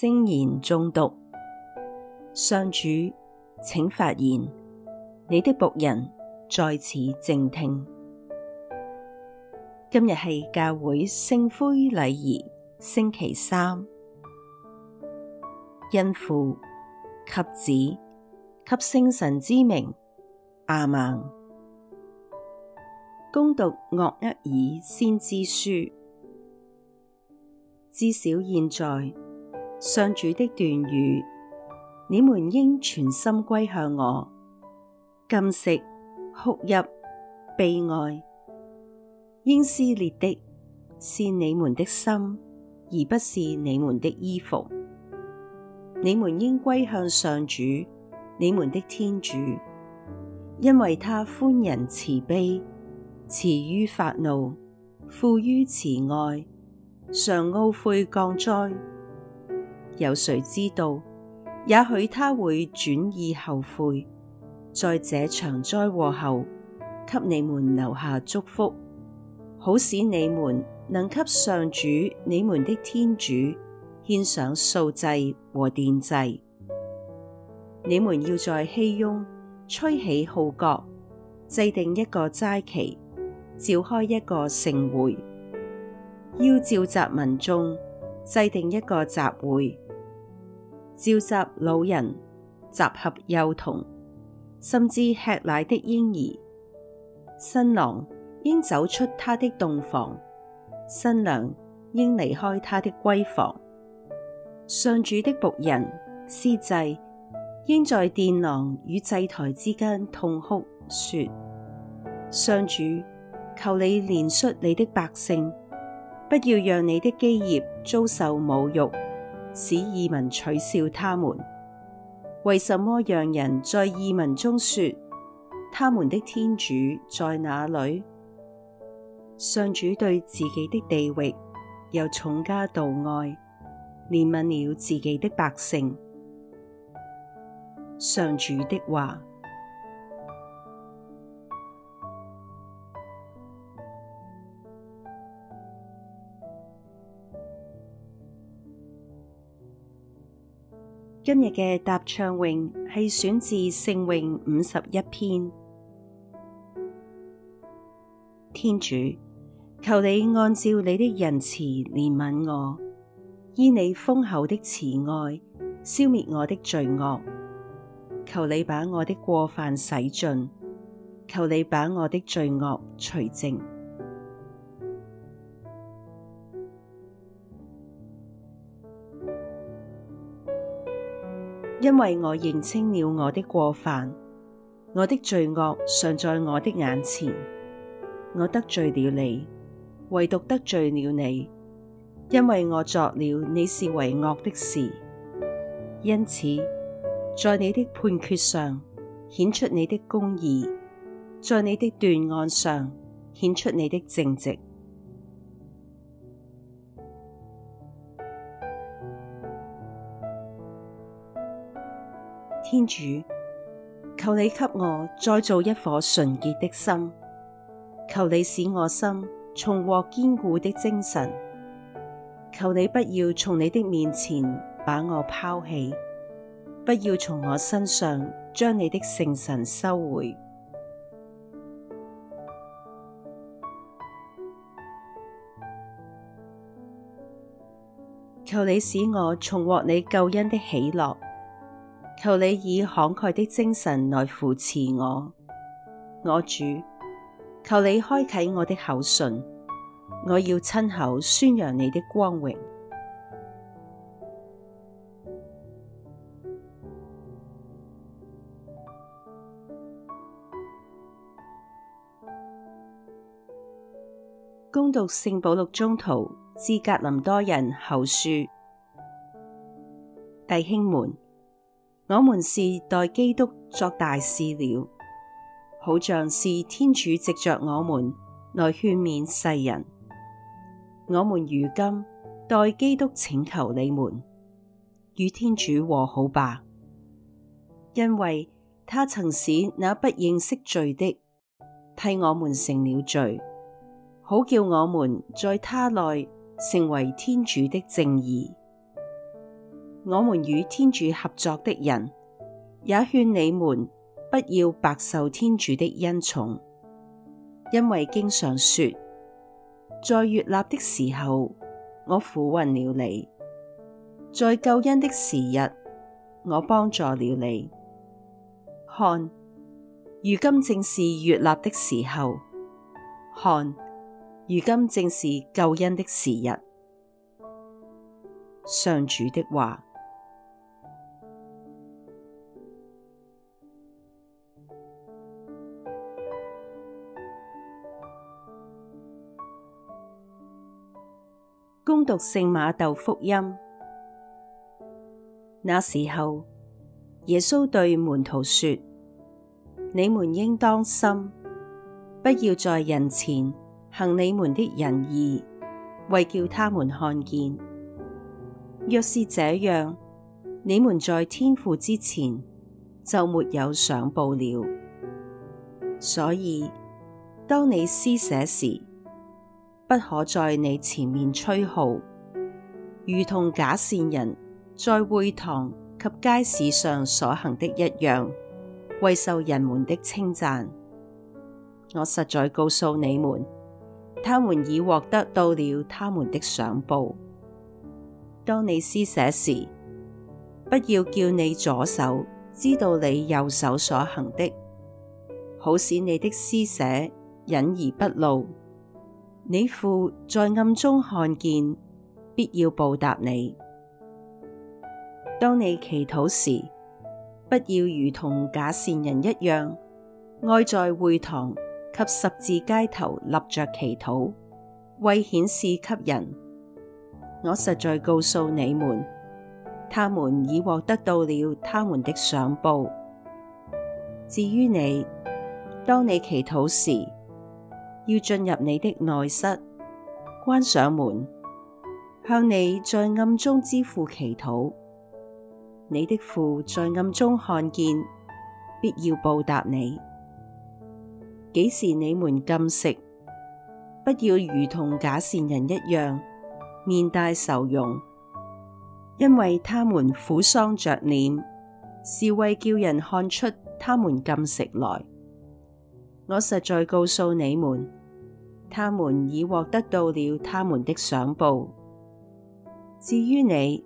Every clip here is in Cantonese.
聖言誦讀，上主，請發言，你的僕人在此靜聽。今日係教會聖灰禮儀星期三，因父及子及聖神之名，阿門。恭讀岳厄爾先知書，至少現在。上主的斷語：你們應全心歸向我，禁食、哭泣、悲哀，應撕裂的是你們的心，而不是你們的衣服。你們應歸向上主，你們的天主，因為他寬仁慈悲，遲於發怒，富於慈愛，常懊悔降災。有誰知道？也許他會轉意後悔，在這場災禍後，給你們留下祝福，好使你們能給上主你們的天主獻上素祭和奠祭。你們要在熙雍吹起號角，制定一個齋期，召開一個盛會，要召集民眾，制定一個集會。召集老人，集合幼童，甚至吃奶的嬰兒。新郎應走出他的洞房，新娘應離開她的閨房。上主的僕人司祭，應在殿廊與祭台之間痛哭，說：上主，求你憐恤你的百姓，不要讓你的基業遭受侮辱。使異民取笑他們！為什麼讓人在異民中說，他們的天主在哪裏？上主對自己的地域又重加妒愛，憐憫了自己的百姓。上主的話。今日嘅答唱詠，係選自聖詠五十一篇。天主，求你按照你的仁慈憐憫我，依你豐厚的慈愛，消滅我的罪惡。求你把我的過犯洗盡，求你把我的罪惡除淨。因為我認清了我的過犯，我的罪惡常在我的眼前，我得罪了你，唯獨得罪了你，因為我作了你視為惡的事，因此在你的判決上顯出你的公義，在你的斷案上顯出你的正直。天主，求你給我再造一顆純潔的心，求你使我心重獲堅固的精神，求你不要從你的面前把我拋棄，不要從我身上將你的聖神收回，求你使我重獲你救恩的喜樂。求你以慷慨的精神來扶持我，我主。求你開啟我的口唇，我要親口宣揚你的光榮。恭讀聖保禄宗徒，致格林多人後書，弟兄們。我們是代基督作大使了，好像是天主藉着我們來勸勉世人。我們如今代基督請求你們與天主和好吧，因為他曾使那不認識罪的替我們成了罪，好叫我們在他內成為天主的正義。我們與天主合作的人，也勸你們不要白受天主的恩寵，因為經上說，在悅納的時候，我俯允了你，在救恩的時日，我幫助了你。看，如今正是悅納的時候；看，如今正是救恩的時日。上主的話。恭讀聖馬竇福音，那時候耶穌對門徒說：你們應當心，不要在人前行你們的仁義，為叫他們看見。若是這樣，你們在天父之前就沒有賞報了。所以，當你施捨時，不可在你前面吹號，如同假善人在會堂及街市上所行的一樣，為受人們的稱讚。我實在告訴你們，他們已獲得到了他們的賞報。當你施捨時，不要叫你左手知道你右手所行的，好使你的施捨隱而不露。你父在暗中看見，必要報答你。當你祈禱時，不要如同假善人一樣，愛在會堂及十字街頭立着祈禱，為顯示給人。我實在告訴你們，他們已獲得到了他們的賞報。至於你，當你祈禱時，要進入你的內室，關上門，向你在暗中之父祈禱。你的父在暗中看見，必要報答你。幾時你們禁食，不要如同假善人一樣，面帶愁容，因為他們苦喪着臉，是為叫人看出他們禁食來。我實在告訴你們。他們已獲得到了他們的賞報。至於你，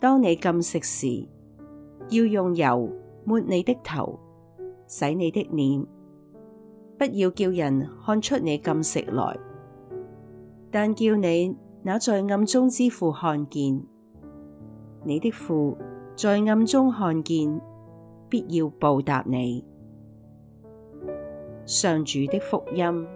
當你禁食時，要用油抹你的頭，洗你的臉，不要叫人看出你禁食來，但叫你那在暗中之父看見，你的父在暗中看見，必要報答你。上主的福音。